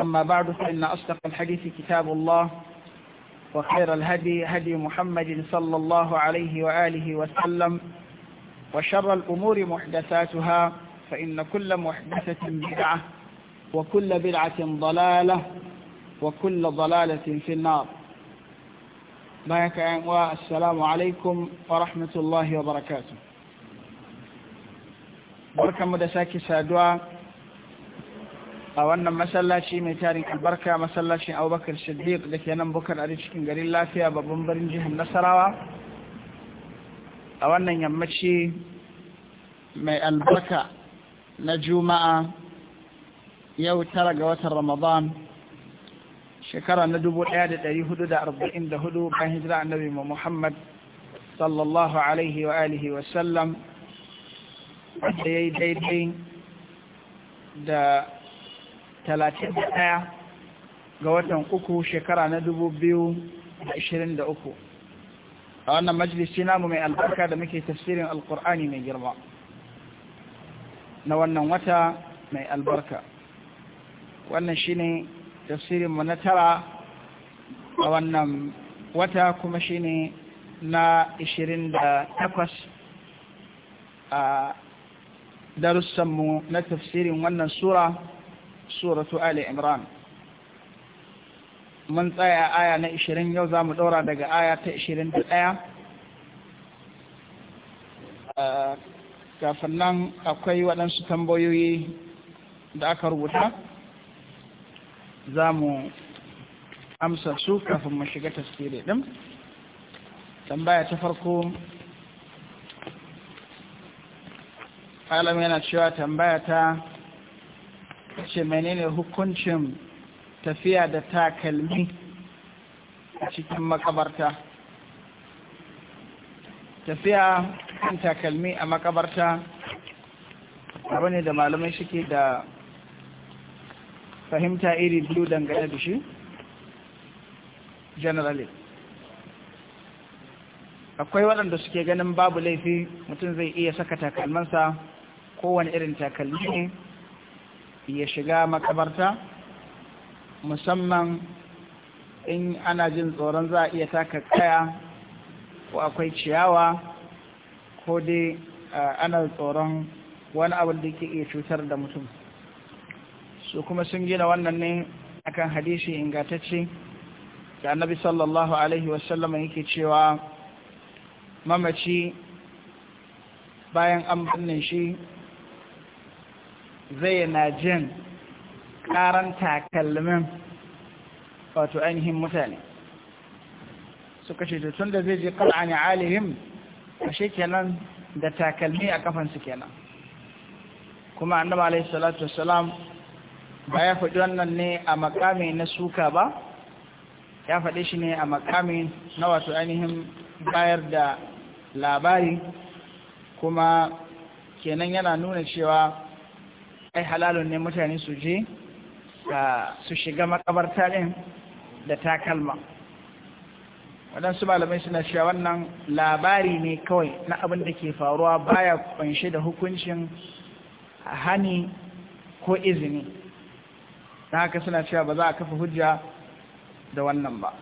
أما بعد فإن أصدق الحديث كتاب الله وخير الهدي هدي محمد صلى الله عليه وآله وسلم وشر الأمور محدثاتها فإن كل محدثة بدعة وكل بدعة ضلالة وكل ضلالة في النار بارك والسلام عليكم ورحمة الله وبركاته بركة مدساكي سادوا a wannan masallaci mai tarin albarka masallacin abubakar siddiq da ke nan bukar ari cikin garin lafiya babban birnin jihar nasarawa a wannan yammaci mai albarka na juma'a yau tara ga watan ramadan shekara na dubu ɗaya da da da arba'in da hudu bayan hijira annabi muhammad sallallahu alaihi wa alihi wasallam wanda ya yi daidai da talatin da ɗaya ga watan uku shekara na dubu biyu da ashirin da uku a wannan majalisi namu mai albarka da muke tafsirin alkur'ani mai girma na wannan wata mai albarka wannan shine mu na tara a wannan wata kuma shine na ishirin da takwas a darussanmu na tafsirin wannan sura suratu Ali Imran mun tsaya aya na 20 yau za mu ɗora daga aya ta 21 eh, kafin nan akwai waɗansu tambayoyi da aka rubuta za mu amsa su kafin mu shiga tasiri ɗin tambaya ta farko alam yana cewa tambaya ta ce menene hukuncin tafiya da takalmi a cikin makabarta tafiya kan takalmi a makabarta abu ne da malamai suke da fahimta iri biyu dangane da shi generally akwai waɗanda suke ganin babu laifi mutum zai iya saka takalmansa kowane irin takalmi ne ya shiga makabarta musamman in ana jin tsoron za a iya taka kaya ko akwai ciyawa ko dai ana tsoron wani abu da ke iya cutar da mutum su kuma sun gina wannan ne akan hadisi ingantacce da annabi sallallahu alaihi wasallam yake cewa mamaci bayan an binne shi zai na jin karan takalmin wato ainihin mutane suka ce tun da zai je kal'ani alihim a kenan da takalmi a kafansu kenan kuma annaba alaihi salatu wasalam ba ya faɗi wannan ne a makami na suka ba ya faɗi shi ne a makami na wato ainihin bayar da labari kuma kenan yana nuna cewa ai halalun ne mutane su je su shiga makabarta ɗin da takalma waɗansu malamai suna cewa wannan labari ne kawai na abin da ke faruwa baya kunshe da hukuncin hani ko izini Da haka suna cewa ba za a kafa hujja da wannan ba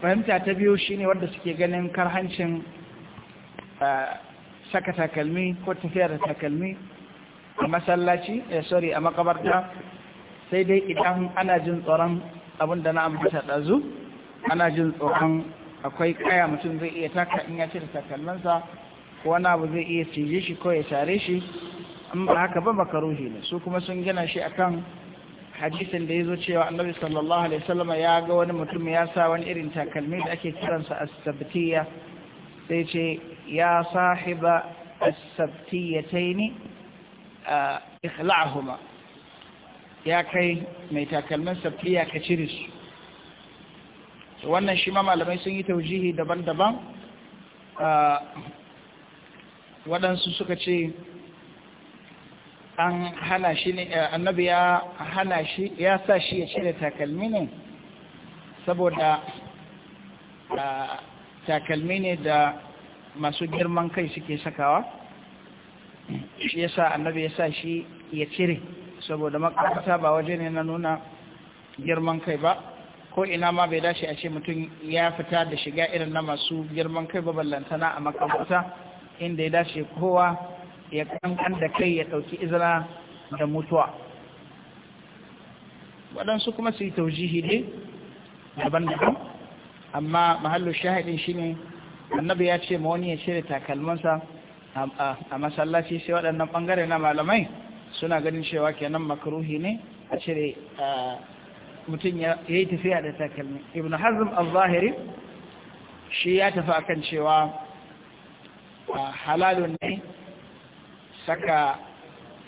fahimta ta biyu shine wanda suke ganin karhancin eh, saka takalmi ko tafiya takalmi a masallaci eh sorry a makabarta sai dai idan ana jin tsoron abin da na ambata ɗazu ana jin tsoron akwai kaya mutum zai iya taka in ya ce da takalmansa ko wani abu zai iya cije shi ko ya sare shi an ba haka ba makaruhi ne su kuma sun gina shi a kan hadisin da ya zo cewa annabi sallallahu alaihi wasallam ya ga wani mutum ya sa wani irin takalmi da ake kiransa as-sabtiyya sai ce ya sahiba as ni. ikhla'ahuma ya kai mai takalmin safiya ka cire su wannan shi ma malamai sun yi taujihi daban-daban waɗansu suka ce an hana shi ne annabi ya hana shi ya sa shi ya cire takalmi ne saboda takalmi ne da masu girman kai suke sakawa shi yasa annabi ya sa shi ya cire saboda makarata ba waje ne na nuna girman kai ba ko ina ma bai dace a ce mutum ya fita da shiga irin na masu girman kai ba ballantana a makarata inda ya dace kowa ya kankan da kai ya ɗauki izina da mutuwa waɗansu kuma su yi taujihi ne daban-daban amma mahallin shahidin shine annabi ya ce ma wani ya cire takalmansa a masallaci sai waɗannan ɓangare na malamai suna ganin cewa kenan makaruhi ne a cire mutum ya yi tafiya da takalmi ibn hazm al-zahiri shi ya tafi akan cewa halalun ne saka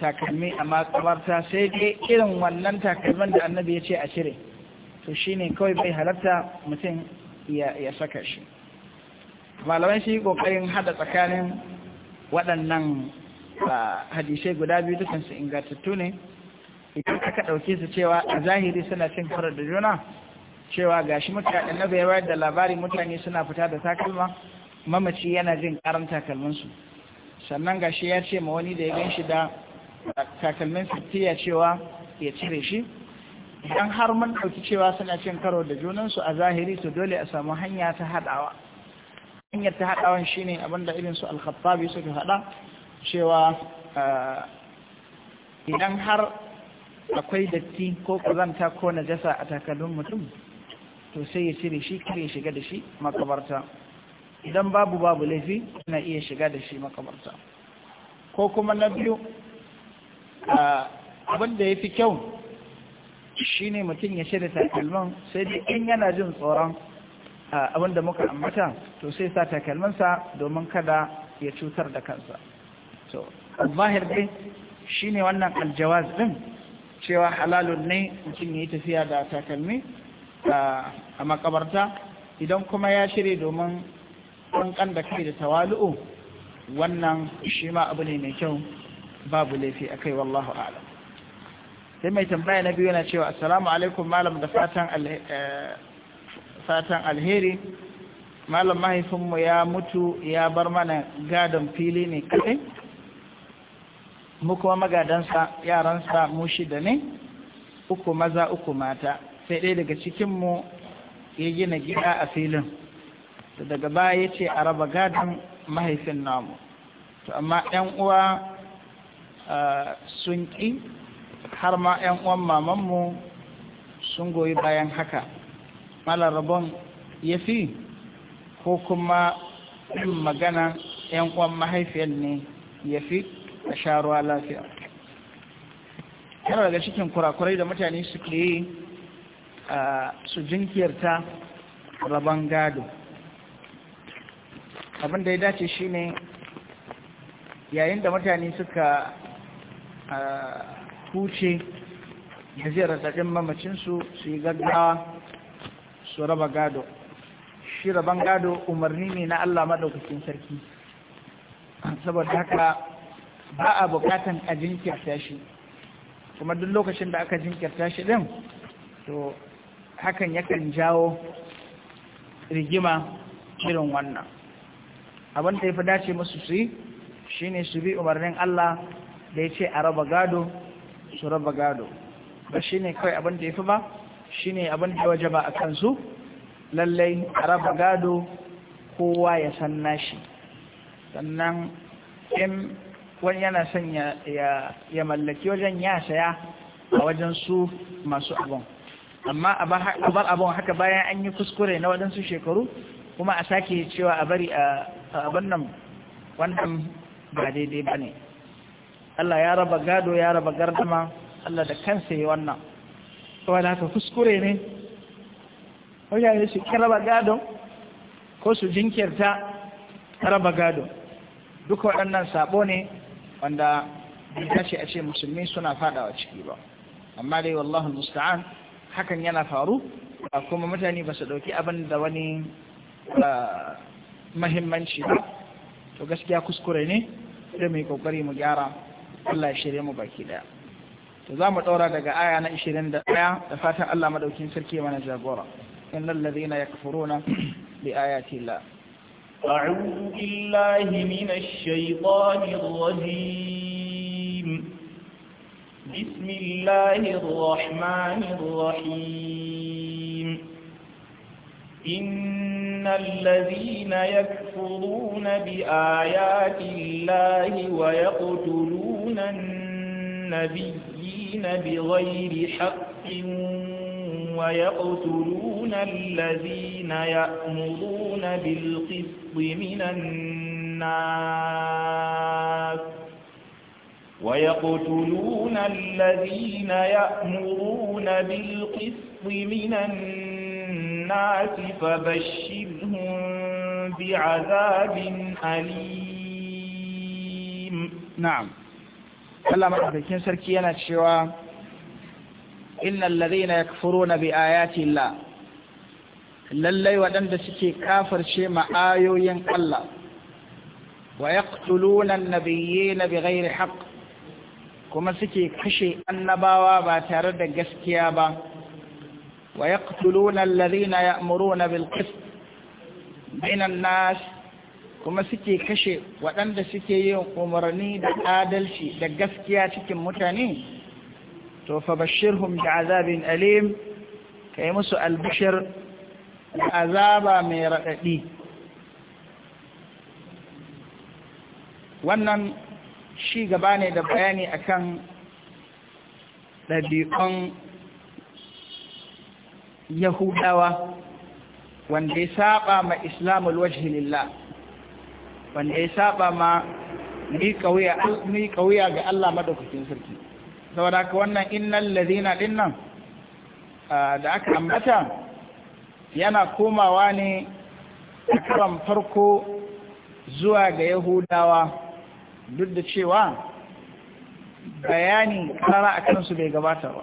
takalmi a matsabarta sai dai irin wannan takalman da annabi ya ce a cire to shi ne kawai bai halarta mutum ya saka shi malamai shi kokarin hada tsakanin waɗannan hadisai guda biyu dukansu ingantattu ne idan aka ɗauke su cewa a zahiri suna cin karar da juna cewa gashi mutane na bayar da labari mutane suna fita da takalma mamaci yana jin karan takalminsu sannan gashi ya ce ma wani da ya ganshi da takalmin fitiya cewa ya cire shi idan har mun ɗauki cewa suna cin karo da junansu a zahiri to dole a samu hanya ta haɗawa hanyar ta haɗawan shi ne abinda irinsu alkhattabi suka haɗa cewa eh, idan har akwai datti ko ƙazanta ko najasa a takalmin mutum to sai ya cire shi kare shiga da shi makabarta idan babu babu laifi na iya shiga da shi makabarta ko kuma na biyu eh, abinda ya fi kyau shine mutum ya shirya takalman sai dai in yana jin tsoron abin da muka ambata to sai sa takalminsa domin kada ya cutar da kansa so zahir dai shine wannan aljawaz din cewa halalun ne mutum ya yi tafiya da takalmi a makabarta idan kuma ya shirya domin kankan da kai da tawalu'u wannan shi ma abu ne mai kyau babu laifi a kai wallahu a'lam sai mai tambaya na biyu yana cewa assalamu alaikum malam da fatan eh, fatan alheri malam mahaifinmu ya mutu ya bar mana gadon fili ne kaɗai mu kuma magadansa yaransa mu shida ne uku maza uku mata sai ɗaya daga cikinmu ya gina gida a filin da daga baya ya ce a raba gadon mahaifin namu to amma 'yan uwa sun ƙi har ma 'yan uwan mamanmu sun goyi bayan haka malarabon rabon ya fi ko kuma yin magana yan kwan mahaifiyar ne ya fi a sharuwa lafiya yana daga cikin kurakurai da mutane suke yi su jinkirta rabon gado abin da ya dace shi shine yayin da mutane suka huce da zai raɗaɗin mamacinsu su yi gaggawa su raba gado shi raban gado umarni ne na Allah madaukakin sarki saboda haka ba a bukatan a jinkirta shi kuma duk lokacin da aka jinkirta shi din to hakan yakan jawo rigima irin wannan abin da ya fi dace musu su yi shi ne su bi umarnin Allah da ya ce a raba gado su raba gado ba shi ne kawai abin da ya fi ba shine abin da waje ba a kansu lallai a raba gado kowa ya san nashi sannan in wani yana son ya mallaki wajen ya saya a wajen su masu abin amma a bar abin haka bayan an yi kuskure na waɗansu shekaru kuma a sake cewa a bari a abin nan wannan ba daidai ba ne Allah ya raba gado ya raba gardama Allah da kansa yi wannan wala haka kuskure ne wajen su raba gado ko su jinkirta raba gado duka waɗannan sabo ne wanda ya ce a ce musulmi suna fadawa ciki ba amma dai wallahu musta'an hakan yana faru a kuma mutane ba su ɗauki abin da wani ah, mahimmanci ba to gaskiya kuskure ne da mai yi kokari mu gyara Allah ya shirye mu baki daya zamu daura daga aya na 21 da fatan Allah madaukin sarki mana jagora innal ladhina yakfuruna bi ayati la a'udhu billahi minash shaytanir rajim bismillahir rahmanir rahim إن الذين يكفرون بآيات الله ويقتلون النبي الدين بغير حق ويقتلون الذين يأمرون بالقسط من الناس ويقتلون الذين يأمرون بالقسط من الناس فبشرهم بعذاب أليم نعم Allah madaukakin sarki yana cewa innal ladhina yakfuruna bi ayati Allah lallai waɗanda suke kafirce ma ayoyin Allah wa yaqtuluna an-nabiyyina bighairi haqq kuma suke kashe annabawa ba tare da gaskiya ba wa yaqtuluna alladhina ya'muruna bil qist bainan nas kuma suke kashe waɗanda suke yin umarni da adalci da gaskiya cikin mutane to fa bashirhum da azabin alim ka yi musu albishir da azaba mai raɗaɗi wannan shi gaba ne da bayani akan ɗabi'un yahudawa wanda ya saba ma islamul wajhi lillah wanda ya saba ma miƙa wuya ga Allah madaukakin sarki saboda haka wannan innal ladina dinnan da aka ambata yana komawa ne a farko zuwa ga yahudawa duk da cewa bayani karara a kansu bai gabata ba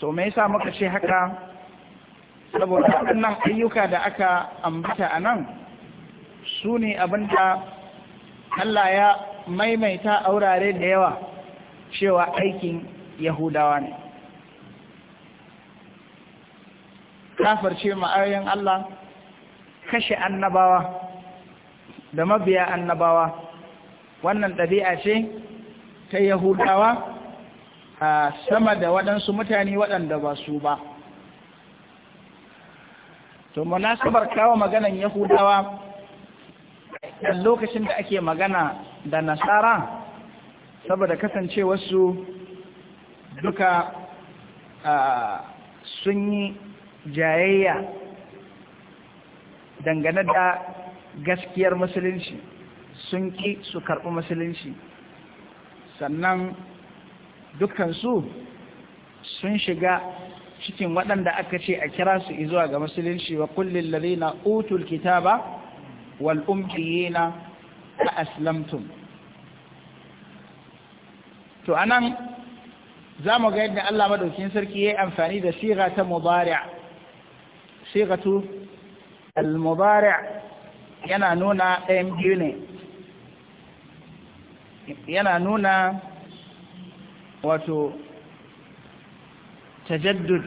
so me yasa muka ce haka saboda waɗannan ayyuka da aka ambata a nan su ne abinda Allah ya maimaita a wurare da yawa cewa aikin yahudawa ne kafarce ma'ayoyin Allah kashe annabawa da mabiya annabawa wannan ɗabi'a ce ta yahudawa a sama da waɗansu mutane waɗanda ba su ba to munasabar kawo maganan yahudawa a lokacin da ake magana da nasara saboda kasance wasu duka sun yi jayayya dangane da gaskiyar musulunci sun ƙi su karɓi musulunci sannan dukansu sun shiga cikin waɗanda aka ce a kira su izuwa ga musulunci wa kullin na utul kitaba wal ummiyina a aslamtum to a nan, za mu ga yadda Allah madaukin sarki ya yi amfani da siga ta mubari'a sigatu al-mubari'a yana nuna ɗayan biyu ne yana nuna wato tajaddud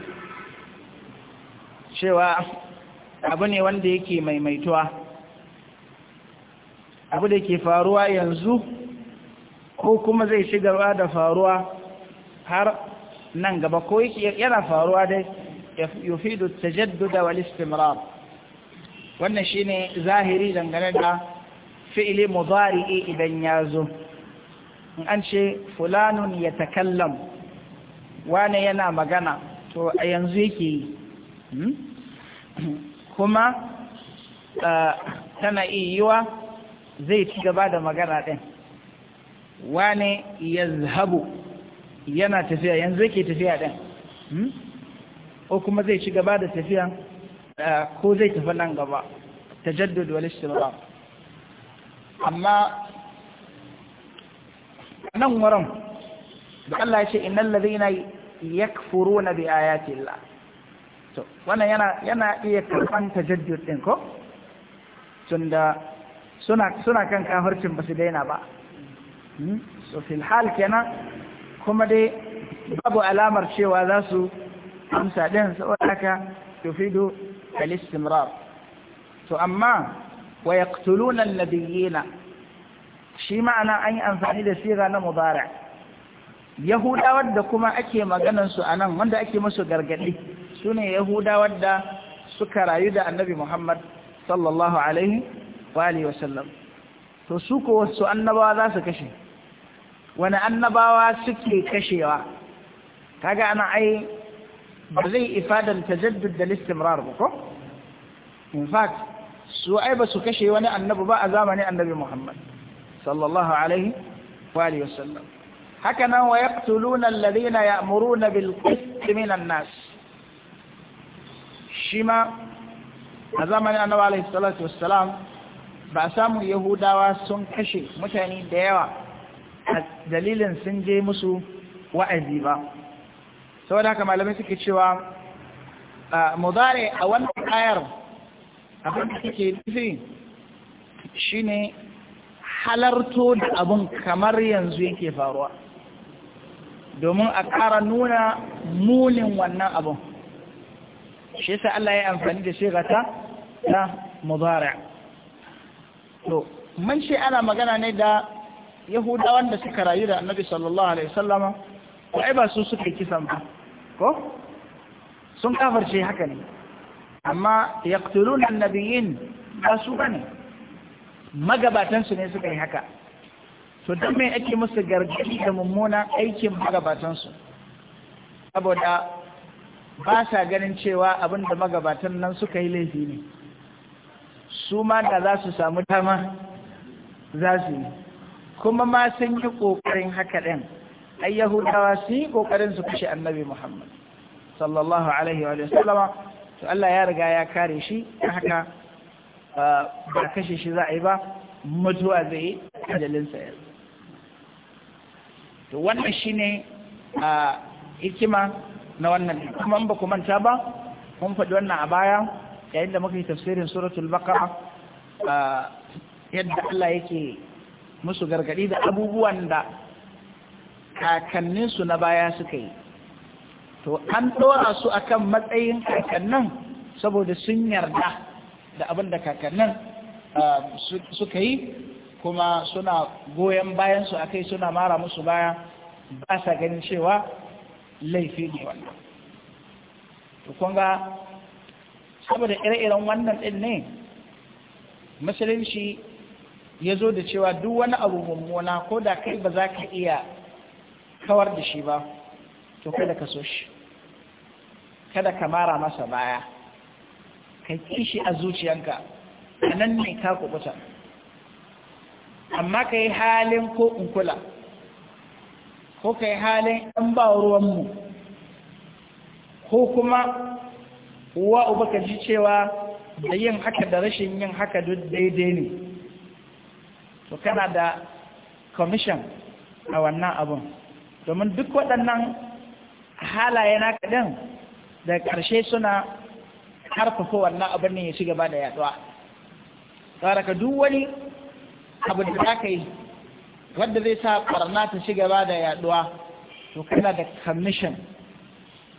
cewa abu ne wanda yake maimaituwa abu da ke faruwa yanzu ko kuma zai ci gaba da faruwa har nan gaba ko yana faruwa dai yufidu tajadduda wal istimrar wannan shine zahiri dangane da fi'li mudari'i idan yazo in an ce fulanun yatakallam wane yana magana to a yanzu yake yi hmm? kuma tana iya yiwa zai ci gaba da magana ɗin wane ya zahabu yana tafiya yanzu yake tafiya ɗin hmm? ko kuma zai ci gaba da tafiya ko zai tafi nan gaba ta jaddada wani amma nan wurin da Allah ya ce innal ladhina yakfuruna bi ayati Allah to wannan yana yana iya karban tajaddud din ko tunda suna suna kan kafircin ba su daina ba hmm? so fil hal kenan kuma dai babu alamar cewa za su amsa din saboda haka tufidu al-istimrar to amma wa yaqtuluna an-nabiyina shi ma'ana an yi amfani da siga na mubarak yahudawar da kuma ake maganansu a nan wanda ake musu gargaɗi su ne yahudawar da suka rayu da annabi muhammad sallallahu alaihi wa wasallam to su ko wasu annabawa za su kashe wani annabawa suke kashewa kaga ana ai ba zai ifadan tajaddud da listimrar ba ko in fact su ai ba su kashe wani annabu ba a zamanin annabi muhammad sallallahu alaihi wa wasallam haka nan wa yaqtuluna alladhina ya'muruna bil qist minan nas shima a zamanin annabi alaihi salatu wassalam ba samu yahudawa sun kashe mutane da yawa a dalilin sun je musu wa'azi ba saboda haka malamai suke cewa mudare a wannan ayar abin da nufi shine halarto da abin kamar yanzu yake faruwa domin a ƙara nuna munin wannan abin shi yasa Allah ya amfani da shigata ta mudari to man shi ana magana ne da yahudawan da suka rayu da annabi sallallahu alaihi wasallama ko ai ba su suka kisan ba ko sun kafarce haka ne amma yaqtuluna annabiyyin ba su bane magabatan su ne suka yi haka to don mai ake musu gargadi da mummuna aikin magabatansu saboda ba sa ganin cewa abin da magabatan nan suka yi laifi ne su ma da za su samu dama za su yi kuma ma sun yi ƙoƙarin haka ɗin ai yahudawa sun yi ƙoƙarin su kashe annabi muhammad sallallahu alaihi wa sallama to Allah ya riga ya kare shi haka ba kashe shi za a yi ba mutuwa zai ajalinsa yanzu to wannan shine a hikima na wannan kuma ba ku manta ba mun faɗi wannan a baya yayin da muka yi tafsirin suratul baqara yadda Allah yake musu gargadi da abubuwan da kakanninsu na baya suka yi to an ɗora su akan matsayin kakannin saboda sun yarda da abin da kakannin suka yi kuma suna goyon bayansu a kai suna mara musu baya ba sa ganin cewa laifi ne wanda. tukun ga saboda ire-iren wannan ɗin ne musulunci ya zo da cewa duk wani abu mummuna ko da kai ba za ka iya kawar da shi ba to kada ka so shi kada ka mara masa baya ka kishi a zuciyanka a nan ne ka kubuta amma ka yi halin ko in kula ko ka yi halin ɗan ba ruwanmu ko kuma wa uba ka ji cewa da yin haka da rashin yin haka duk daidai ne to kana da commission a wannan abun domin duk waɗannan halaye na kaɗan da ƙarshe suna harfafa wannan abin ne ya ci gaba da yaduwa tsara ka duk wani abu da za ka yi wadda zai sa barna ta ci gaba da yaduwa to kana da commission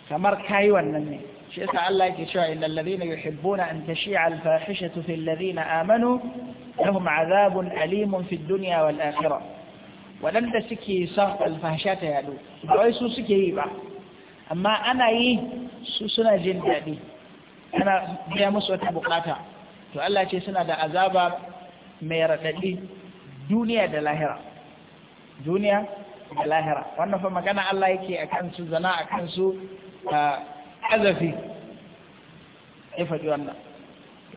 kamar kayi wannan ne shi yasa Allah yake cewa innal ladina yuhibbuna an tashi'a al fahishatu fil ladina amanu lahum azabun alimun fid dunya wal akhirah wadanda suke son alfasha ta yadu ba wai su suke yi ba amma ana yi su suna jin daɗi ana biya musu wata bukata to Allah ce suna da azaba mai raɗaɗi duniya da lahira duniya da lahira wannan fa magana Allah yake a kansu zana a kansu a ƙazafi ya faɗi wannan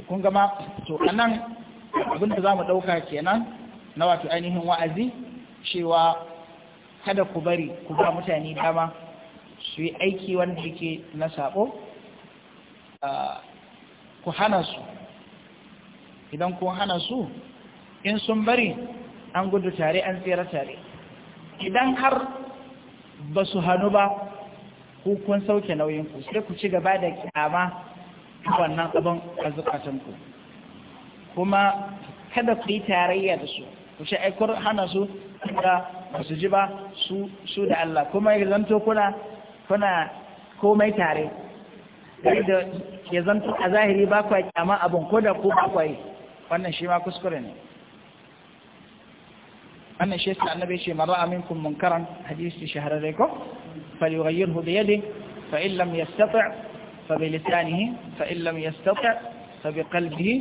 kun gama to anan abin da za mu ɗauka kenan na wato ainihin wa'azi cewa kada ku bari ku ba mutane dama su yi aiki wanda yake na saɓo ku hana su idan kun hana su in sun bari an gudu tare an tsira tare idan har ba su hannu ba ku kun sauke nauyinku sai ku ci gaba da kyama wannan abin a ku kuma kada ku yi tarayya da su ku ce aikur hana su da ba su ji ba su da Allah kuma ya zanto kuna kuna komai tare da ya zanto a zahiri ba kwa kyama abin ko da ku ba kwa wannan shi ma kuskure ne wannan shi yasa annabi ce man ra'a munkaran hadisi shahararre ko falyughayyirhu bi yadihi fa in lam yastati' fa bi lisanihi fa in lam yastati' fa bi qalbihi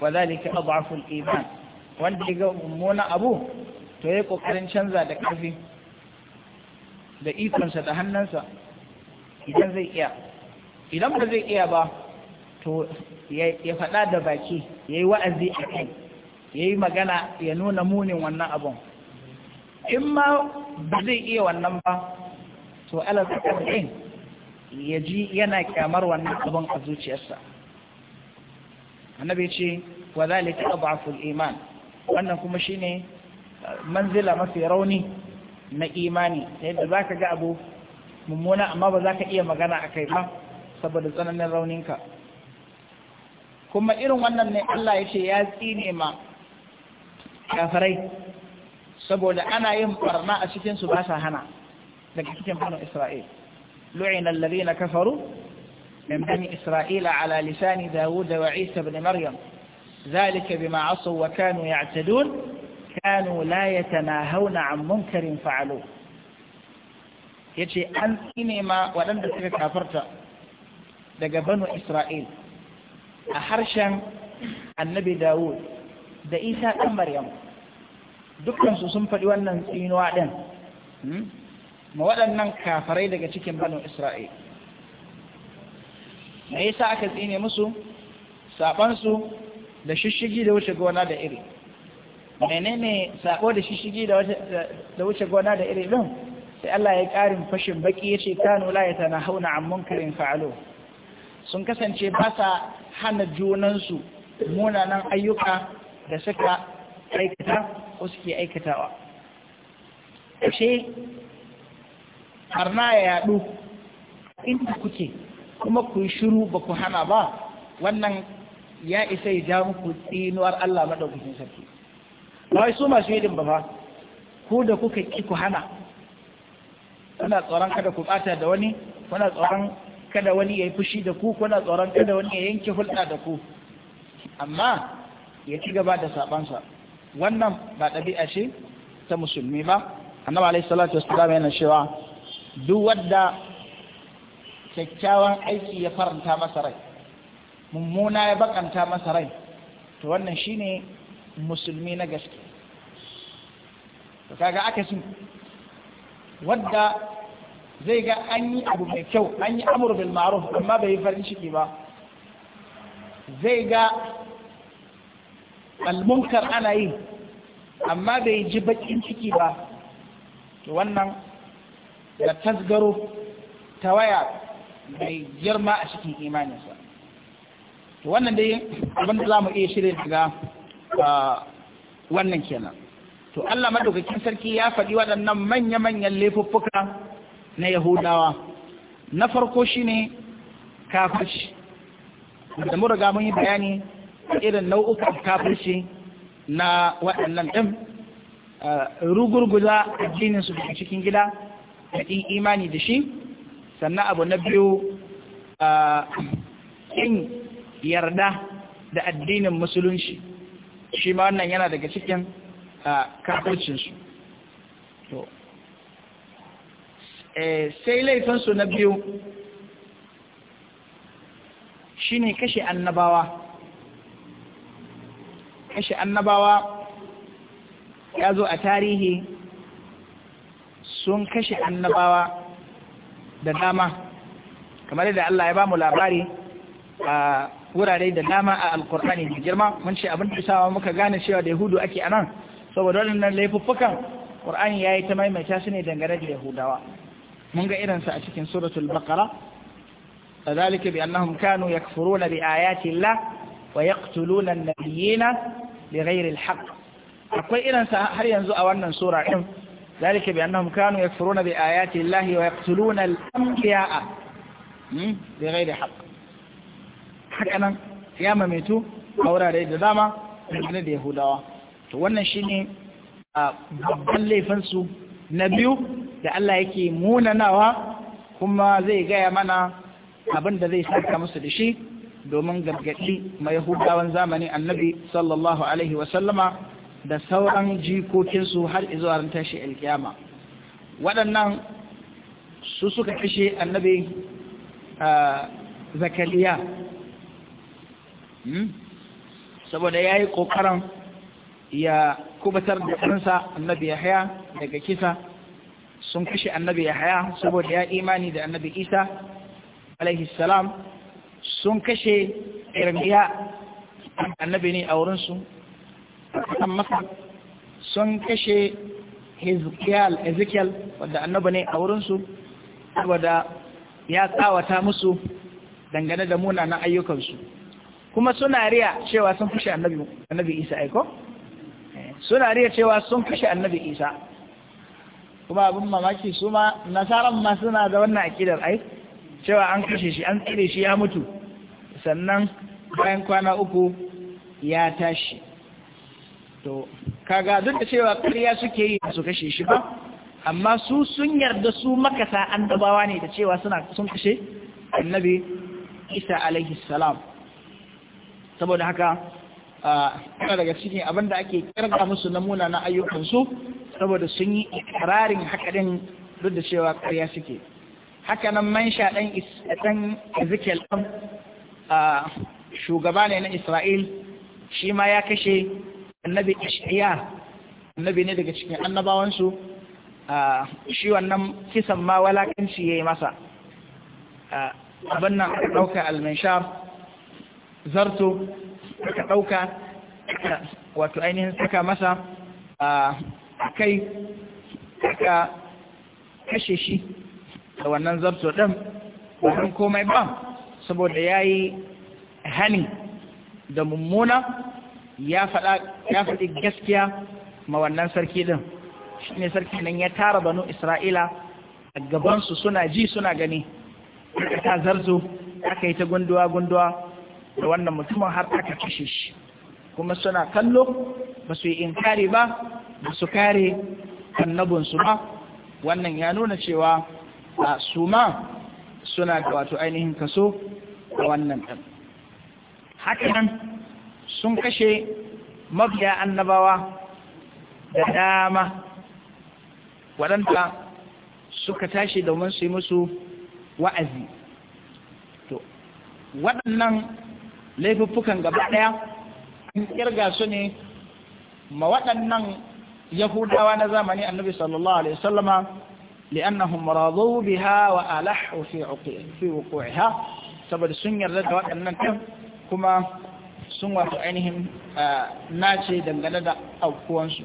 wa dhalika adhafu al-iman wanda ga mummuna abu to yayi kokarin canza da karfi da ikonsa da hannunsa idan zai iya idan ba zai iya ba to ya faɗa da baki ya yi wa'azi a kai ya yi magana ya nuna munin wannan abun in ma ba zai iya wannan ba to ala zakarin ya ji yana kyamar wannan abin a zuciyarsa annabi ce wa zalika al iman wannan kuma shine uh, manzila mafi rauni na imani ta yadda zaka ga abu mummuna amma ba zaka iya magana akai ba saboda tsananin rauninka kuma irin wannan ne Allah ya ce ya tsine ma kafirai saboda ana yin barna a cikin su ba sa hana daga cikin banu Isra'il lu'ina na kafaru min bani Isra'ila ala lisani Dawud wa Isa ibn Maryam ذلك بما عصوا وكانوا يعتدون ya لا يتناهون عن منكر ya ce an tsine ma waɗanda suka kafarta daga banu Isra'il a harshen annabi Dawud da Isa ɗan Maryam dukkansu sun faɗi wannan tsinuwa ɗin hmm? ma waɗannan kafarai daga cikin banin isra’i na yasa aka tsine musu saɓansu da shishigi da wuce gona da iri menene saɓo da shishigi da wuce gona da iri ɗin sai Allah ya ƙarin fashin baƙi ya ce kanu la ya hauna amman munkarin fa'alo sun kasance ba sa hana junansu munanan ayyuka da suka aikata ko suke aikatawa ƙashe harna ya yaɗu inda kuke kuma ku yi shiru ba ku hana ba wannan ya isa ya ja muku tsinuwar Allah maɗaukacin sarki ba wai su masu yidin ba ba ku da kuka ki ku hana kuna tsoron kada ku ɓata da wani kuna tsoron kada wani ya yi fushi da ku kuna tsoron kada wani ya yanke hulɗa da ku amma ya ci gaba da saɓansa wannan ba ɗabi'a ce ta musulmi ba annabi alaihi salatu wassalam yana cewa duk wanda kyakkyawan aiki ya faranta masa rai mummuna ya bakanta masa rai to wannan shine musulmi na gaske to kaga sun wadda zai ga an yi abu mai kyau an yi amur bil ma'ruf amma bai yi farin ciki ba zai ga almunkar ana yi amma bai ji bakin ciki ba to wannan da tasgaro ta waya mai girma a cikin imaninsa to wannan dai abinda za mu iya shirya daga wannan kenan to Allah madaukakin sarki ya faɗi waɗannan manya-manyan laifuffuka na Yahudawa na farko shine kafirci da mu riga mun yi bayani irin nau'ukan kafirci na waɗannan ɗin rugurguza addinin su cikin gida da ɗin imani da shi sannan abu na biyu ɗin yarda da addinin musulunci shi ma wannan yana daga cikin kafircinsu e, sai laifinsu na biyu shi ne kashe annabawa kashe annabawa ya zo a tarihi sun kashe annabawa da dama kamar yadda Allah ya ba mu labari a wurare da dama a alkur'ani da girma mun ce abin isawa muka gane cewa da yahudu ake a nan saboda waɗannan laifuffukan ƙur'ani ya yi ta maimaita su ne dangane da yahudawa mun ga irinsa a cikin suratul baqara فذلك بأنهم كانوا يكفرون بآيات الله ويقتلون النبيين li ghairi akwai irin sa har yanzu a wannan sura din zalika bi annahum kanu yakfuruna bi ayati llahi wa yaqtuluna al-anbiya'a bi ghairi haqq ya mamaitu a wurare da dama dangane da yahudawa to wannan shine babban su na biyu da Allah yake munanawa kuma zai gaya mana abin da zai saka musu da shi domin gargaɗi mai hudawan zamani annabi sallallahu alaihi wasallama da sauran jikokinsu har izuwa ran tashi alkiyama waɗannan su suka kashe annabi zakariya hmm? saboda ya yi ƙoƙarin ya kubatar da ɗansa annabi yahya daga kisa sun kashe annabi yahya saboda ya imani da annabi isa alaihi salam sun kashe irmiya annabi ne a wurinsu a maka sun kashe ezekiel wadda annabi ne a wurinsu saboda ya tsawata musu dangane da munanan ayyukansu kuma suna riya cewa sun kashe annabi isa aiko suna riya cewa sun kashe annabi isa kuma abin mamaki su ma nasarar masu suna da wannan akidar aiki. cewa an kashe shi an tsire shi ya mutu sannan bayan kwana uku ya tashi to kaga duk da cewa ƙarya suke yi su kashe shi ba amma su sun yarda su makasa an dabawa ne da cewa suna sun kashe annabi isa alaihi salam saboda haka kuma daga cikin abinda ake kirga musu namuna na ayyukansu saboda sun yi ikirarin haka din duk da cewa ƙarya suke haka nan mansha ɗan ɗan ezekiel ɗan shugaba ne na isra'il shi ma ya kashe annabi ishiya annabi ne daga cikin annabawansu shi wannan kisan ma walakanci ya yi masa abin nan aka ɗauka almanshar zarto aka ɗauka wato ainihin saka masa a kai aka kashe shi da wannan zabto ɗin ba komai ba saboda ya yi hani da mummuna ya faɗi gaskiya ma wannan sarki ɗin shi ne sarki nan ya tara banu isra'ila a gabansu suna ji suna gani ta zarzo aka yi ta gunduwa-gunduwa da wannan mutumin har aka kashe shi kuma suna kallo ba su yi inkari ba ba su kare annabinsu ba wannan ya nuna cewa a suma suna da wato ainihin kaso a wannan ɗan hakanan sun kashe mabiya annabawa da dama waɗanda suka tashi domin su yi musu wa'azi to waɗannan laifuffukan gaba ɗaya an ƙirga su ne ma waɗannan yahudawa na zamani annabi sallallahu alaihi wasallama لأنهم راضوا بها وألحوا في في وقوعها saboda sun yarda da kuma sun wato ainihin nace dangane da aukuwansu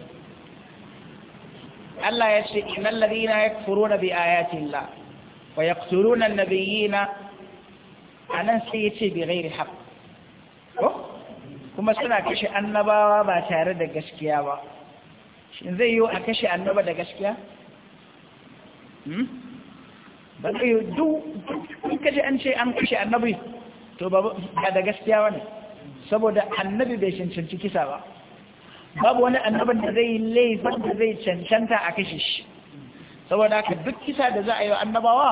Allah ya ce innal ladina yakfuruna bi ayati Allah wa yaqtuluna an anan sai ya ce kuma suna kashe annabawa ba tare da gaskiya ba shin zai yiwu a kashe annaba da gaskiya Hmm? ba zai duk kaji an ce an kashe annabi to ba da gaskiya wani saboda annabi bai cancanci kisa ba babu wani annabin da zai laifin da zai cancanta a kashe shi saboda duk kisa da za a yi wa annabawa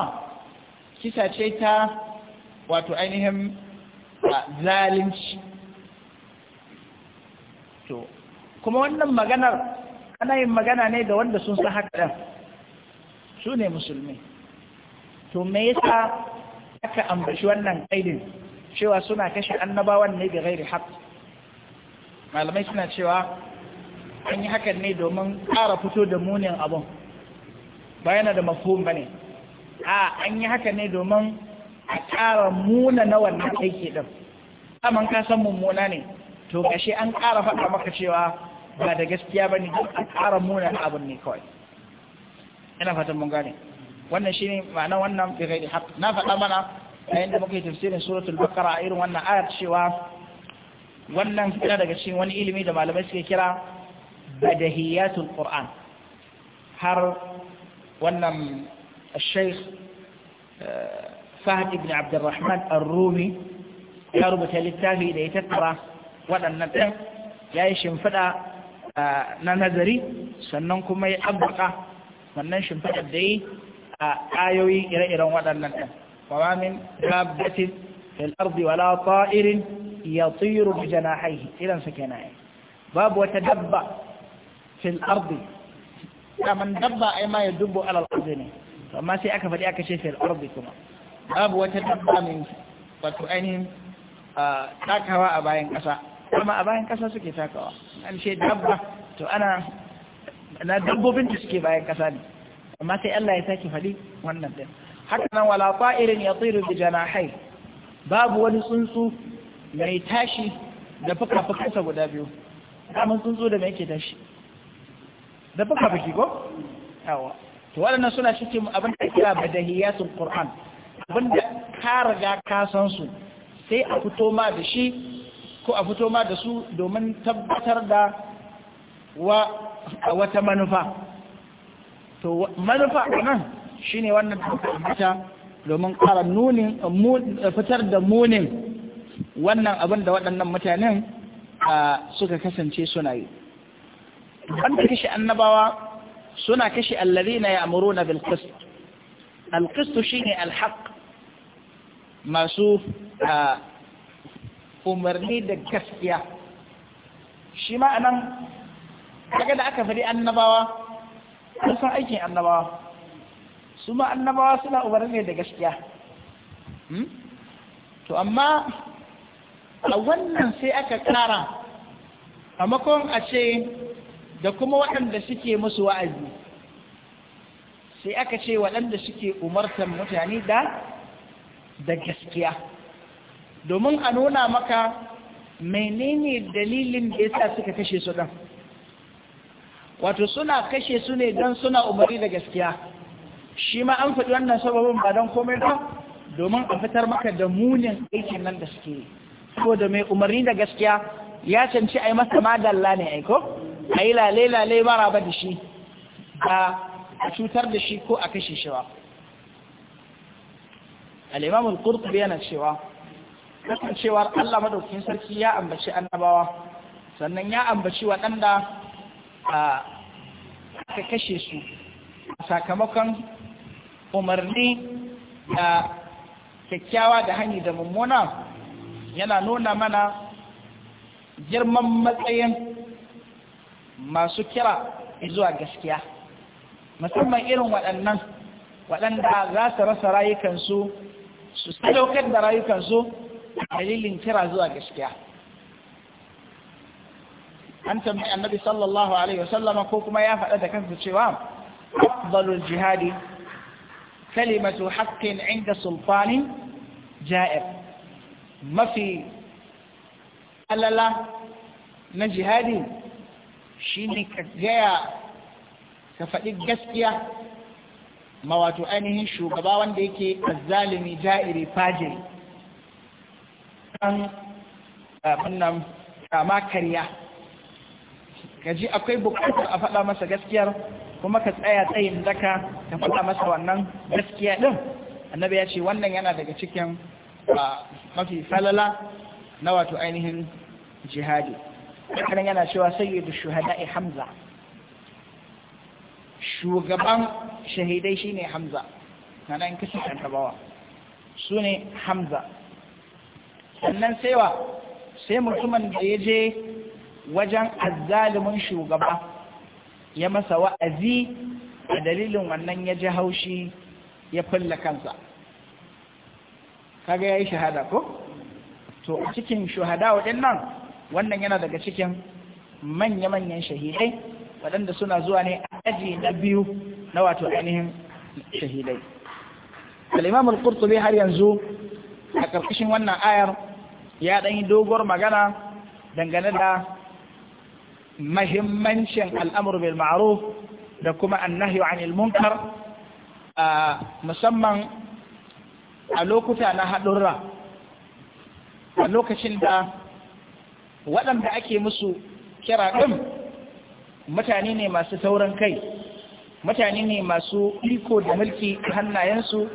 kisa ce ta wato ainihin zalunci to kuma wannan maganar ana magana ne da wanda sun san haka su ne musulmi to me yasa aka ambaci wannan kaidin cewa suna kashe annabawan ne da gairi haq malamai suna cewa an yi hakan ne domin ƙara fito da munin abun bayana da mafhum ne? a an yi haka ne domin a ƙara muna na wannan aiki ɗin saman ka san mummuna ne to gashi an ƙara faɗa maka cewa ba da gaskiya bane a ƙara muna abun ne kawai ina fatan mun gane wannan shine ma'ana wannan bi ghairi na faɗa mana yayin da muka tafsirin suratul baqara irin wannan ayar cewa wannan yana daga cikin wani ilimi da malamai suke kira badahiyatul qur'an har wannan الشيخ فهد بن abdurrahman الرحمن rumi ya rubuta littafi da ya tattara waɗannan ɗin ya yi shimfiɗa eh, na nazari sannan kuma ya abbaka wannan shimfidar da yi a ayoyi ire-iren waɗannan ɗan wa min dabbatin fil ardi wala ta'irin yatiru bi janahihi irin su kenan babu wata dabba fil ardi kaman dabba yi ma ya dubbo al-ardi ne amma sai aka faɗi aka ce fil ardi kuma babu wata dabba min wato ainihin takawa a bayan ƙasa kuma a bayan ƙasa suke takawa an ce dabba to ana na dabbobin da suke bayan kasa ne amma sai Allah ya sake faɗi wannan din haka nan wala fa'irin yatiru bi janahi babu wani tsuntsu mai tashi da fuka-fukansa guda biyu kamun tsuntsu da mai yake tashi da fuka-fuki ko yawa to waɗannan suna cikin abin da kira badahiyatul qur'an abin da ka riga ka san su sai a fito ma da shi ko a fito ma da su domin tabbatar da wa a wata manufa to manufa nan shine wannan ambata domin kara nunin fitar da munin wannan abin da waɗannan mutanen suka kasance suna yi wanda kashe annabawa suna kashe na ya amuru na bilkist alkistu shine ne masu umarni da gaskiya shi ma'anan kaga da aka faɗi annabawa an san aikin annabawa su ma annabawa suna umarni ne da gaskiya hmm? to amma a wannan sai aka ƙara a makon a ce da kuma waɗanda suke musu wa'azi sai aka ce waɗanda suke umartan mutane da da gaskiya domin a nuna maka menene dalilin da ya sa suka kashe su ɗan wato suna kashe su ne don suna umarni da gaskiya shi ma an faɗi wannan sababin ba don komai ba domin a fitar maka da munin aikin nan da suke saboda mai umarni da gaskiya ya canci a yi masa madalla ne aiko a yi lale-lale mara ba da shi a cutar da shi ko a kashe shi ba al'imamul kurtubi yana cewa kasancewar allah madaukin sarki ya ambaci annabawa sannan ya ambaci waɗanda a aka kashe su a sakamakon umarni da kyakkyawa da hanyar da mummuna yana nuna mana girman matsayin masu kira zuwa gaskiya musamman irin waɗannan waɗanda za su rasa rayukansu su sadaukar da rayukansu dalilin kira zuwa gaskiya an tambayi annabi sallallahu alaihi wasallama ko kuma ya faɗa da kansa cewa afdalul jihadi kalimatu haqqin inda sultanin ja'ir mafi alala na jihadi shine ka gaya ka faɗi gaskiya ma wato ainihin shugaba wanda yake azzalimi ja'iri fajiri kan abin nan kama karya gaji akwai bukatar a faɗa masa gaskiyar kuma ka tsaya tsayin daka ka faɗa masa wannan gaskiya ɗin annabi ya ce wannan yana daga cikin mafi falala na wato ainihin jihadi kanan yana cewa sayyidu shuhada'i hamza shugaban shahidai shine hamza kana kisan tabawa su ne hamza sannan saiwa sai mutumin da ya je wajen azzalimin shugaba ya masa wa'azi a dalilin wannan ya ji haushi ya fulla kansa kaga ya yi shahada ko? to a cikin shahada waɗannan wannan yana daga cikin manya-manyan shahidai waɗanda suna zuwa ne a aji na biyu na wato ainihin shahidai al'imam al har yanzu a ƙarƙashin wannan ayar ya ɗanyi doguwar magana dangane da mahimmancin al'amur bil ma'ruf da kuma annahyu anil munkar musamman a lokuta na haɗurra a lokacin da waɗanda ake musu kira ɗin mutane ne masu taurin kai mutane ne masu iko da mulki hannayensu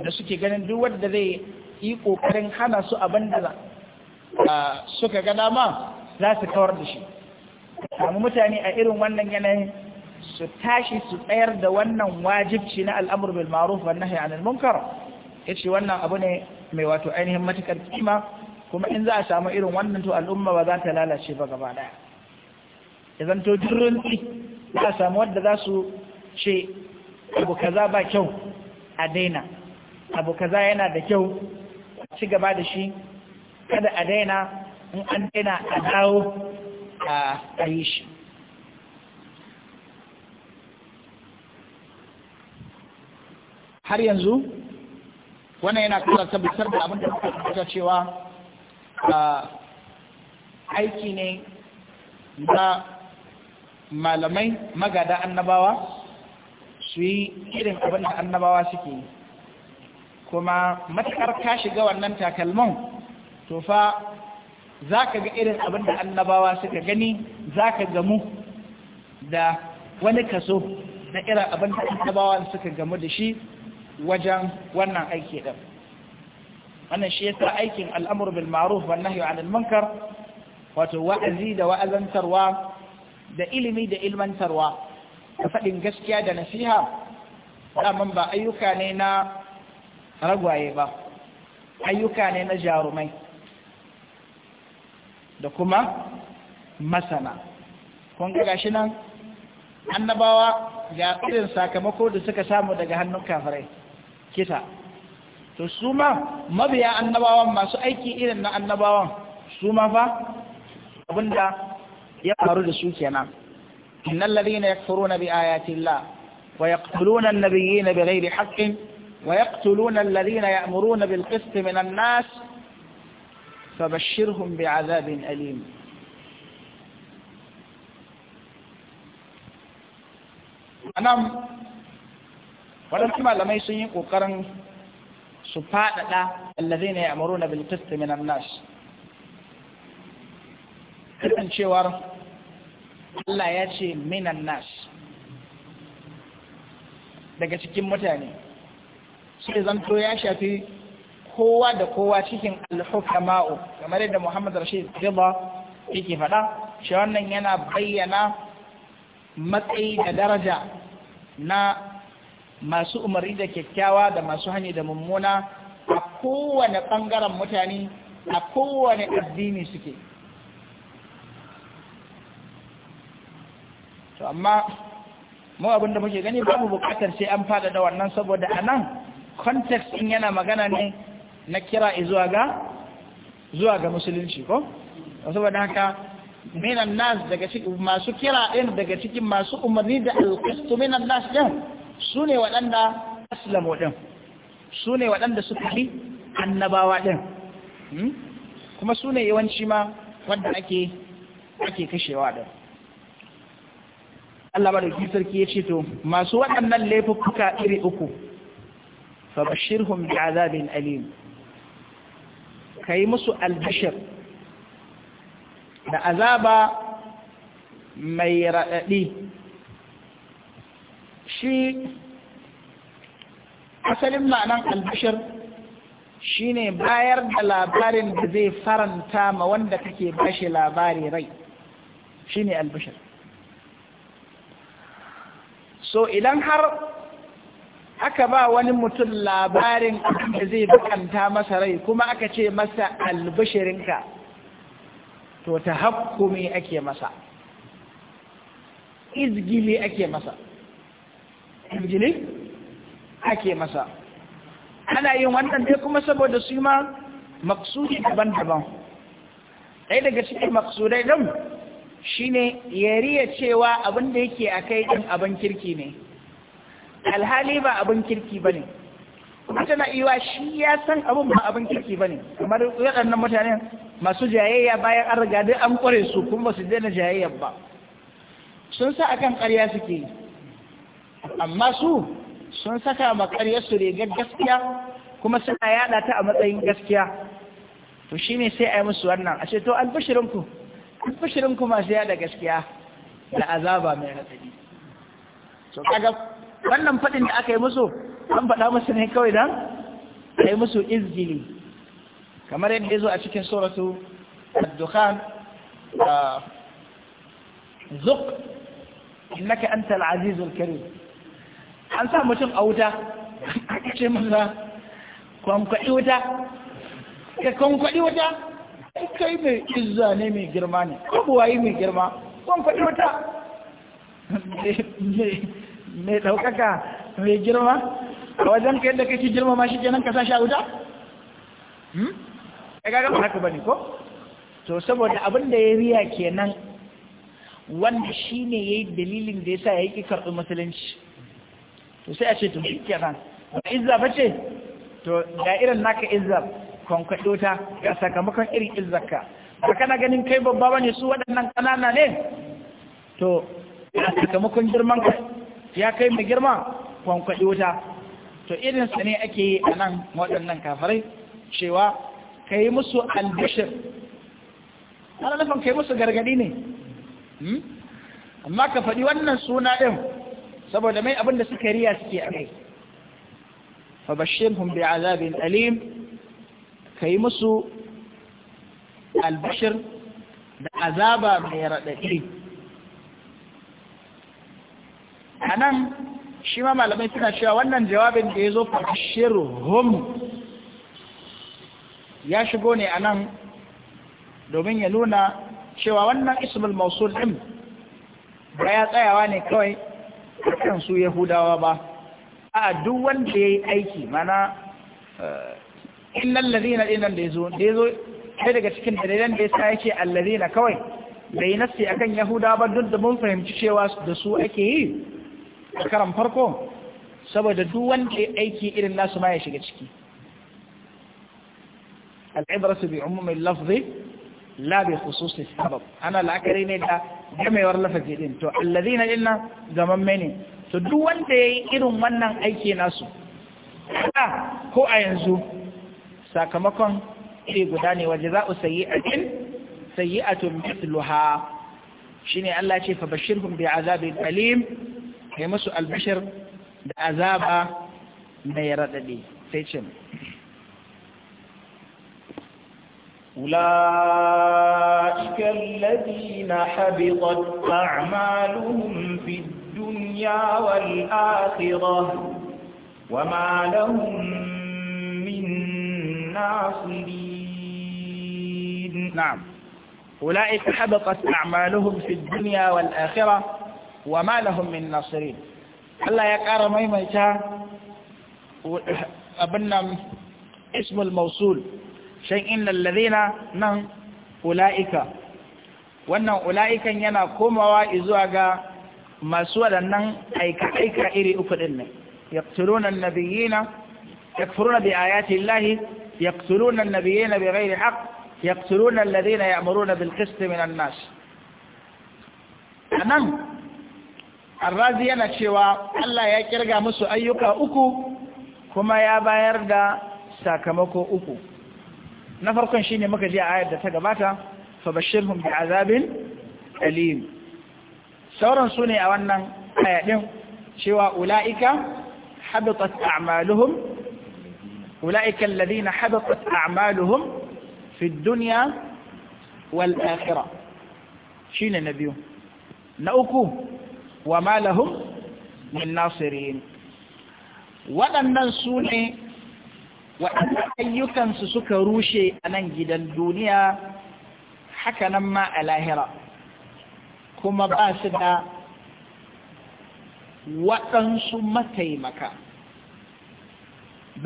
da suke ganin duk wadda zai yi ƙoƙarin hana su abin da suka ga dama za su kawar da shi samu mutane a irin wannan yanayin su tashi su tsayar da wannan wajibci na al'amur bil ma'ruf wan hayanin munkar Ya ce wannan abu ne mai wato ainihin matukar kima kuma in za a samu irin wannan to al'umma ba za ta lalace ba gaba daya idan to durrunci za a samu wadda za su ce abu kaza ba kyau a daina abu kaza yana da kyau ci gaba da shi kada a daina in an daina a dawo ɗan shi har yanzu wannan yana kula tabbatar da abin da ta kuka cewa aiki ne na malamai magada annabawa su yi irin abin da annabawa suke kuma matakar ka shiga wannan takalman to fa za ka ga irin abin da annabawa suka gani za ka gamu da wani kaso na irin abin da annabawa suka gamu da shi wajen wannan aiki ɗin wannan shi yasa aikin al'amur bil ma'ruf wan nahyi 'anil munkar wato wa'azi da wa'azantarwa da ilimi da ilmantarwa da faɗin gaskiya da nasiha daman ba ayyuka ne na ragwaye ba ayyuka ne na jarumai da kuma masana kun ga gashi nan annabawa ga irin sakamako da suka samu daga hannun kafirai kisa to su ma mabiya annabawan masu aiki irin na annabawan su ma fa abinda ya faru da su kenan innal ladina yakfuruna bi ayati llah wa yaqtuluna an-nabiyina bighairi haqqin wa yaqtuluna alladhina ya'muruna bil qisti minan nas فبشرهم بعذاب أليم anan waɗansu malamai sun yi ƙoƙarin su faɗaɗa allazai na ya'amuru na bilkisti minan nas cewar Allah ya ce minan daga cikin mutane sai zanto ya shafi kowa da kowa cikin alhukama'u kamar yadda Muhammad Rashid Riba yake faɗa shi wannan yana bayyana matsayi da daraja na masu umarni da kyakkyawa da masu hanyar da mummuna a kowane ɓangaren mutane a kowane addini suke to amma mu abinda muke gani babu bukatar sai an faɗaɗa wannan saboda a nan context ɗin yana magana ne na kira zuwa ga zuwa ga musulunci ko saboda haka minan nas daga cikin masu kira din daga cikin masu umarni da alqistu minan nas din sune waɗanda aslamu din sune waɗanda suka yi annabawa din hmm? kuma sune yawanci ma wanda ake ake kashewa din Allah madauki sarki ya ce to masu waɗannan laifuka iri uku fa bashirhum bi azabin alim ka yi musu albishir da azaba mai raɗaɗi shi asalin ma'anan albishir ne bayar da labarin da zai faranta ma wanda kake bashi labari rai shi ne albishir so idan har aka ba wani mutum labarin da zai bukanta masa rai kuma aka ce masa albishirinka to ta hakkumi ake masa izgili ake masa izgili ake masa ana yin wannan dai kuma saboda su ma maksudi daban-daban ɗaya daga cikin maksudai ɗin shine yariya cewa abin da yake a kai ɗin abin kirki ne alhali ba abin kirki ba ne kuma tana iya shi ya san abin ba abin kirki ba ne kamar waɗannan mutane masu jayayya bayan an riga duk an kware su kuma ba su daina jayayya ba sun sa akan ƙarya suke yi amma su sun saka ma ƙarya su rigar gaskiya kuma suna yada ta a matsayin gaskiya to shi ne sai a yi musu wannan a ce to albashirinku ku masu yada gaskiya da azaba mai hatsari to wannan faɗin da aka yi musu an faɗa musu ne kawai dan a yi musu izgili kamar yadda ya zo a cikin suratu ad-dukhan uh, zuq innaka antal azizul karim an sa mutum a wuta aka ce masa kwankwaɗi wuta ka kwankwaɗi wuta kai mai izza ne mai girma ne ko buwayi mai girma kwankwaɗi wuta mai ɗaukaka mai girma a wajen ka yadda kake girma ma shi nan ka sashi a wuta? ya hmm? gaga ba haka bane ko? to saboda abin da ya riya kenan wanda shi ne ya yi dalilin da ya sa ya yi karɓi musulunci to sai a ce tun shi kenan ba izza ba ce to da irin naka izza kwankwaɗo ta ga sakamakon irin ka ba kana ganin kai babba ne su waɗannan ƙanana ne to a sakamakon girman ka ya kai mai girma kwankwaɗi wuta to sa ne ake yi a nan waɗannan kafarai cewa ka yi musu albishir ana nufin ka yi musu gargadi ne hmm? amma ka faɗi wannan suna ɗin saboda mai abinda da suka riya suke a kai fa hun bi azabin alim ka yi musu albishir da azaba mai raɗaɗi a nan shi ma malamai suna cewa wannan jawabin da ya zo fashiruhum ya shigo ne a nan domin ya nuna cewa wannan ismul mausul ɗin ba ya tsayawa ne kawai kan su yahudawa ba a duk wanda ya yi aiki mana eh, innan lalina ɗinan da ya zo da ya zo sai daga cikin dalilan da ya sa yake allalina kawai bai nasi akan yahudawa ba duk da mun fahimci cewa da su ake yi a karan farko saboda duk wanda ya aiki irin nasu ma ya shiga ciki al'ibratu bi umumin lafzi la khususi sabab ana la'akari ne da gamewar lafazi din to alladhina dinna gamamme to duk wanda yayi irin wannan aiki nasu ko a yanzu sakamakon iri guda ne waje za a sayi ajin sayi atun mitluha shi ne Allah ce fa bashirhum bi azabin alim kai masu albishir da azaba mai raɗaɗe sai أولئك الذين حبطت أعمالهم في الدنيا والآخرة وما لهم من ناصرين نعم أولئك حبطت أعمالهم في الدنيا والآخرة wa ma lahum min nasirin Allah ya ƙara maimaita abin nan ismul mausul shan innal ladina nan ula'ika wannan ula'ikan yana komawa zuwa ga masu waɗannan aika-aika iri uku ɗin ne yaqtuluna an-nabiyina yakfuruna bi ayati llahi yaqtuluna an-nabiyina bighayri haqq yaqtuluna alladhina ya'muruna bil qisti minan nas anan arrazi yana cewa Allah ya kirga musu ayyuka uku kuma ya bayar da sakamako uku na farkon shine muka ji a ayar da ta gabata fa bashirhum bi azabin alim sauran su ne a wannan aya cewa ulaika habitat a'maluhum ulaika alladhina habitat a'maluhum fi ad-dunya wal akhirah shine na biyu na uku wa malahum min nasirin waɗannan su ne waɗanda ayyukansu suka rushe a nan gidan duniya haka nan ma a lahira kuma ba su da waɗansu mataimaka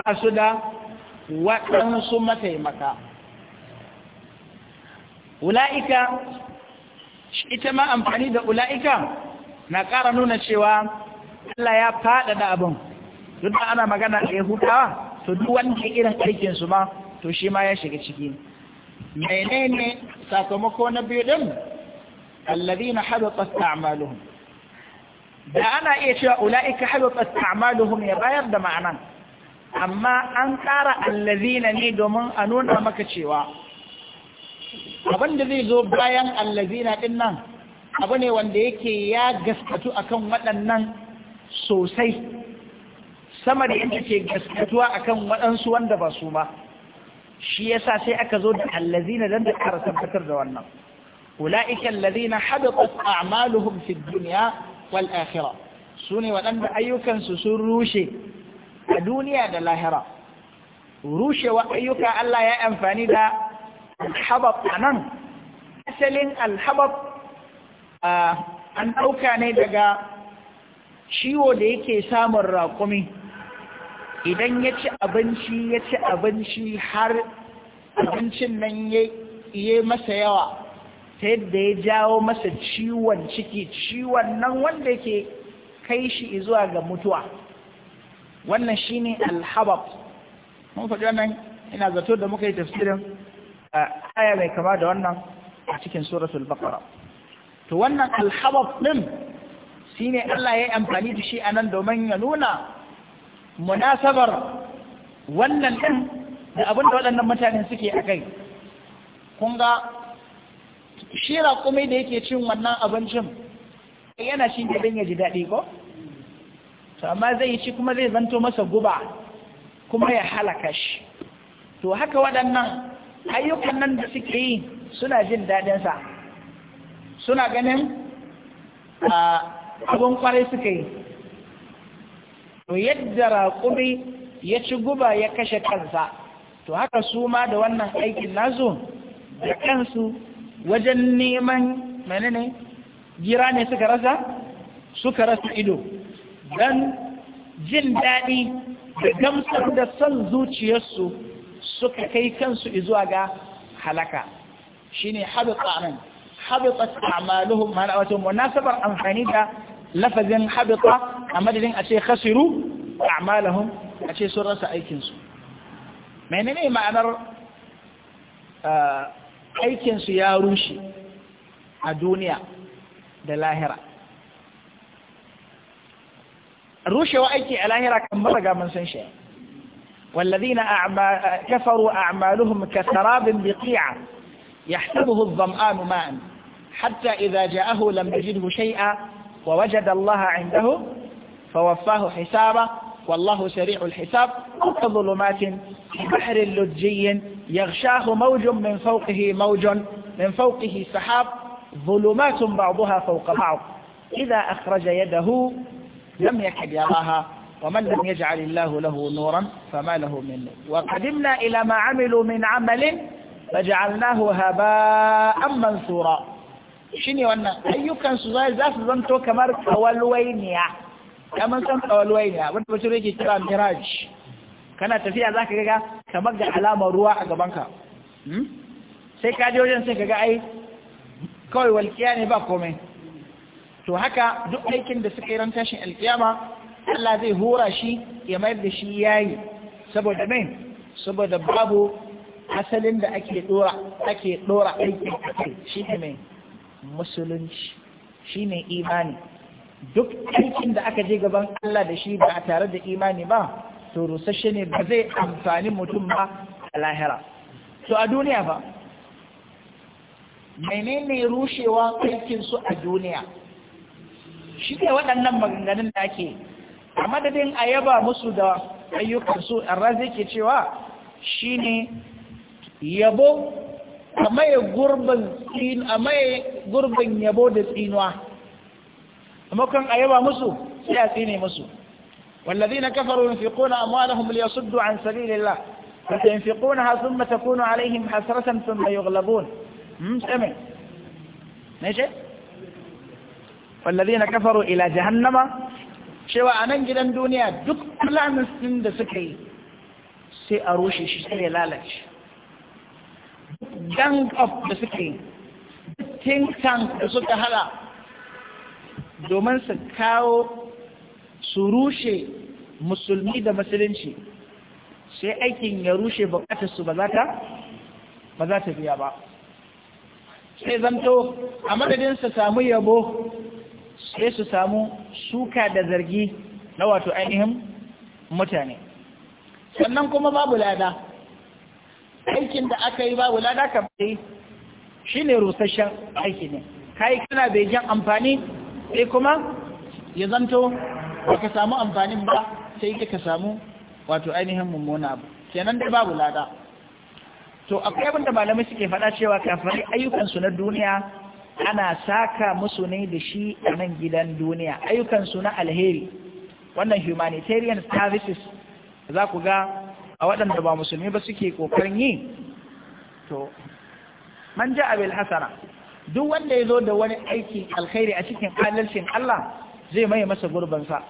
ba su da waɗansu mataimaka ula'ika ita ma amfani da ula'ika na ƙara nuna cewa Allah ya faɗaɗa abin duk da ana magana a yahudawa to duk wanda irin aikinsu ma to shi ma ya shiga ciki menene sakamako na biyu din alladhina habatat a'maluhum da ana iya cewa ulaika habatat a'maluhum ya bayar da ma'ana. amma an ƙara alladhina ne domin a nuna maka cewa abin da zai zo bayan allazina din abu ne wanda yake ya gaskatu akan waɗannan sosai sama da yadda ke gaskatuwa akan waɗansu wanda ba su ba shi yasa sai aka zo da allazina dan da ƙara tabbatar da wannan ulaika allazina habitat a'maluhum fid dunya wal akhirah sune waɗanda ayyukansu sun rushe a duniya da lahira rushewa ayyuka Allah ya amfani da alhabab anan asalin alhabab an ɗauka ne daga ciwo da yake samun raƙumi idan ya ci abinci ya ci abinci har abincin nan ya masa yawa ta yadda ya jawo masa ciwon ciki ciwon nan wanda ke kai shi zuwa ga mutuwa wannan shi ne alhabab mun faɗi wannan ina zato da muka yi tafsirin haya mai kama da wannan a cikin suratul baqara to wannan alhabab ɗin shine Allah ya yi amfani da shi a nan domin ya nuna munasabar wannan ɗin da abin waɗannan mutane suke a kai kun ga shi da yake cin wannan abincin yana shi da ya ji daɗi ko? to amma zai yi ci kuma zai zanto masa guba kuma ya halaka shi to haka waɗannan ayyukan nan da suke yi suna jin daɗinsa suna ganin abin kwarai suka yi to yadda raƙumi ya ci guba ya kashe kansa to haka su ma da wannan aikin nazo da kansu wajen neman ne gira ne suka rasa suka rasa ido don jin daɗi da gamsar da son zuciyarsu suka kai kansu izuwa ga halaka shine haɗu tsarin. حبطت أعمالهم هل أتوا مناسبا أم حنيدا لفظ حبطة أما دين أشي خسروا أعمالهم أشي سرى سأيكن سو من إني ما أنا آه، أيكن سو يا روشي الدنيا دلاهرة روشي وأيكي ألاهرة كم مرقا من سنشي والذين أعمال كفروا أعمالهم كسراب بقيعة يحسبه الضمآن ماء حتى إذا جاءه لم يجده شيئا ووجد الله عنده فوفاه حسابه والله سريع الحساب كظلمات بحر لجي يغشاه موج من فوقه موج من فوقه سحاب ظلمات بعضها فوق بعض إذا أخرج يده لم يكد يراها ومن لم يجعل الله له نورا فما له من نور وقدمنا إلى ما عملوا من عمل فجعلناه هباء منثورا shine wannan ayyukansu za su zanto kamar kawalwainiya kamar san kawalwainiya wanda bashir yake kira miraj kana tafiya za ka ga kamar ga alamar ruwa a gabanka hmm? sai ka je wajen sai ka ga ai kawai walƙiya ne ba komai to haka duk aikin da suka yi ran tashin alƙiyama Allah zai hura shi ya mayar da shi yayi saboda mai saboda babu asalin da ake dora ake dora aikin shi ne mai musulunci shine imani duk aikin da aka je gaban Allah da shi ba tare da imani ba to rusashe ne ba zai amfani mutum ba a lahira to a duniya ba menene rushewa aikin su a duniya shi ne waɗannan maganganun da ake a madadin a yaba musu da ayyukansu an razi ke cewa shi ne yabo a يقولون gurbin yabo da tsinuwa makon a musu sai a tsine musu والذين كفروا ينفقون أموالهم ليصدوا عن سبيل الله فسينفقونها ثم تكون عليهم حسرة ثم يغلبون سمع ماشي والذين كفروا إلى جهنم شوى أنان جدا دنيا دك لا نسند سكي سيأروشي شيء لا لك gang of da suke think tank da suka hada domin su kawo su rushe musulmi da musulunci sai aikin ya rushe bukatar ba ba za ta biya ba sai zanto a madadin su samu yabo sai su samu suka da zargi na wato ainihin mutane sannan kuma babu lada aikin da aka yi babu lada ka bai shi ne rusasshen aiki ne kai kana bai jan amfani sai kuma ya zanto ba ka samu amfanin ba sai ka samu wato ainihin mummuna abu kenan dai babu lada to akwai abinda malamai suke faɗa cewa kafin ayyukansu na duniya ana saka musu ne da shi a nan gidan duniya ayyukansu na alheri wannan humanitarian services za ku ga a waɗanda ba musulmi ba suke ƙoƙarin yi to man ja abil hasana duk wanda ya zo da wani aiki alkhairi a cikin adalcin Allah zai mai masa gurbansa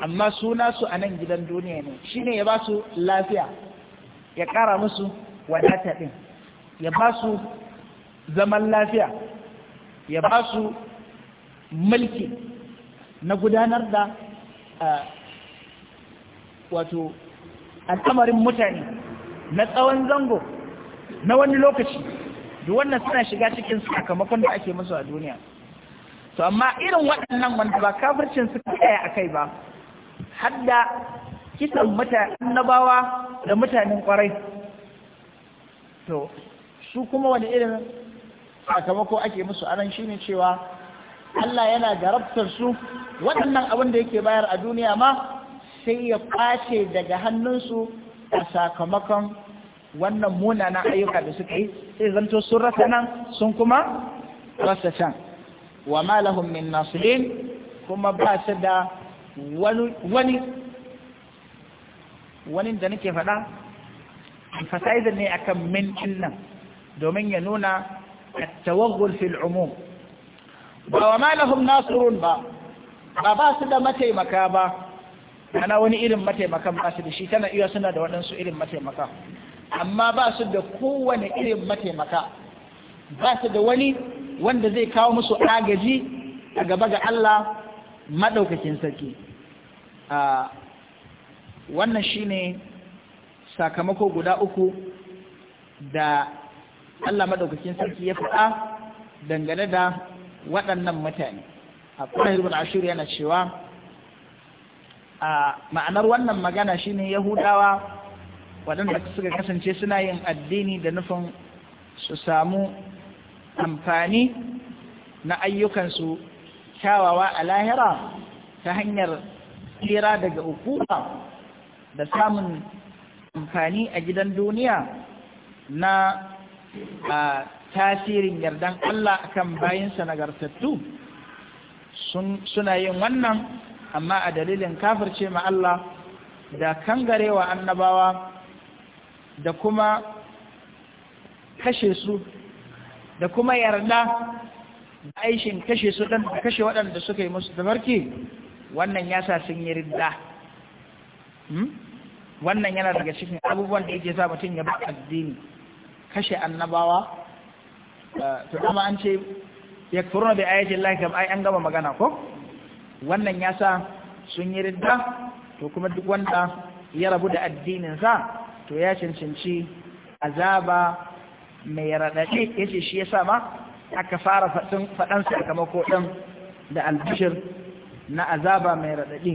amma suna su a nan gidan duniya ne shine ya ba su lafiya ya kara musu wadata ɗin ya ba su zaman lafiya ya ba su mulki na gudanar da eh, wato al'amarin mutane na tsawon zango na wani lokaci da wannan suna shiga cikin sakamakon da ake musu a duniya to amma irin waɗannan wanda ba kafircin suka tsaya a kai ba hadda kisan mutane annabawa da mutanen kwarai to su kuma wani irin sakamako ake musu anan shine cewa Allah yana garabtar su waɗannan abin da yake bayar a duniya ma sai ya kwace daga hannunsu a sakamakon wannan munanan ayyuka da suka yi sai zanto sun rasa nan sun kuma rasa can wa malahum min nasirin kuma ba su da wani wani da nake faɗa emphasizer ne akan min nan domin ya nuna التوغل في العموم ba wa malahum nasirun ba ba ba su da mataimaka ba ana wani irin mataimakan ba su da shi tana iya suna da waɗansu irin mataimaka amma ba su da kowane irin mataimaka ba su da wani wanda zai kawo musu agaji a gaba ga Allah maɗaukakin sarki wannan shi ne sakamako guda uku da Allah maɗaukakin sarki ya faɗa dangane da waɗannan mutane a ƙwarar ibn yana cewa a ma'anar wannan magana shine yahudawa waɗanda suka kasance suna yin addini da nufin su samu amfani na ayyukansu kyawawa a lahira ta hanyar tsira daga hukuma da samun amfani a gidan duniya na tasirin yardan Allah akan bayinsa nagartattu suna yin wannan amma a dalilin kafirce ma Allah da kangarewa annabawa da kuma kashe su da kuma yarda da aishin kashe su ɗan da kashe waɗanda suka yi musu tabarki wannan ya sa sun yi ridda hmm? wannan yana daga cikin abubuwan da yake sa mutum ya ba addini kashe annabawa eh, to dama an ce yakfuruna bi ayati llahi kam ai an gama magana ko wannan ya sa sun yi ridda to kuma duk wanda ya rabu da addininsa to ya cancanci azaba mai raɗaɗe ya ce shi ya sa ma aka fara faɗan sakamako ɗin da albishir na azaba mai raɗaɗi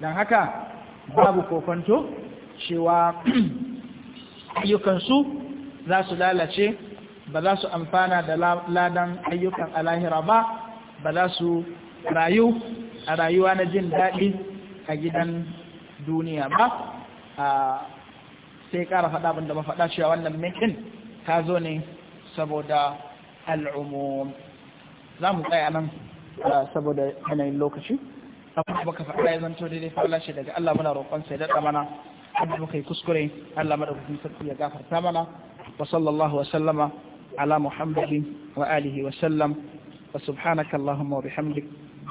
don haka babu kokonto cewa ayyukansu za su lalace ba za su amfana da ladan ayyukan alahira ba ba za su rayu a rayuwa na jin daɗi a gidan duniya ba sai ƙara faɗa abinda ba faɗa cewa wannan mekin ta zo ne saboda al'umum za mu tsaya nan saboda yanayin lokaci abin da baka faɗa ya zanto daidai fa'ala shi daga Allah muna roƙon sai daɗa mana abin da muka yi kuskure Allah madaukakin sarki ya gafarta mana wa sallallahu wa sallama ala muhammadin wa alihi wa sallam wa subhanaka allahumma wa bihamdik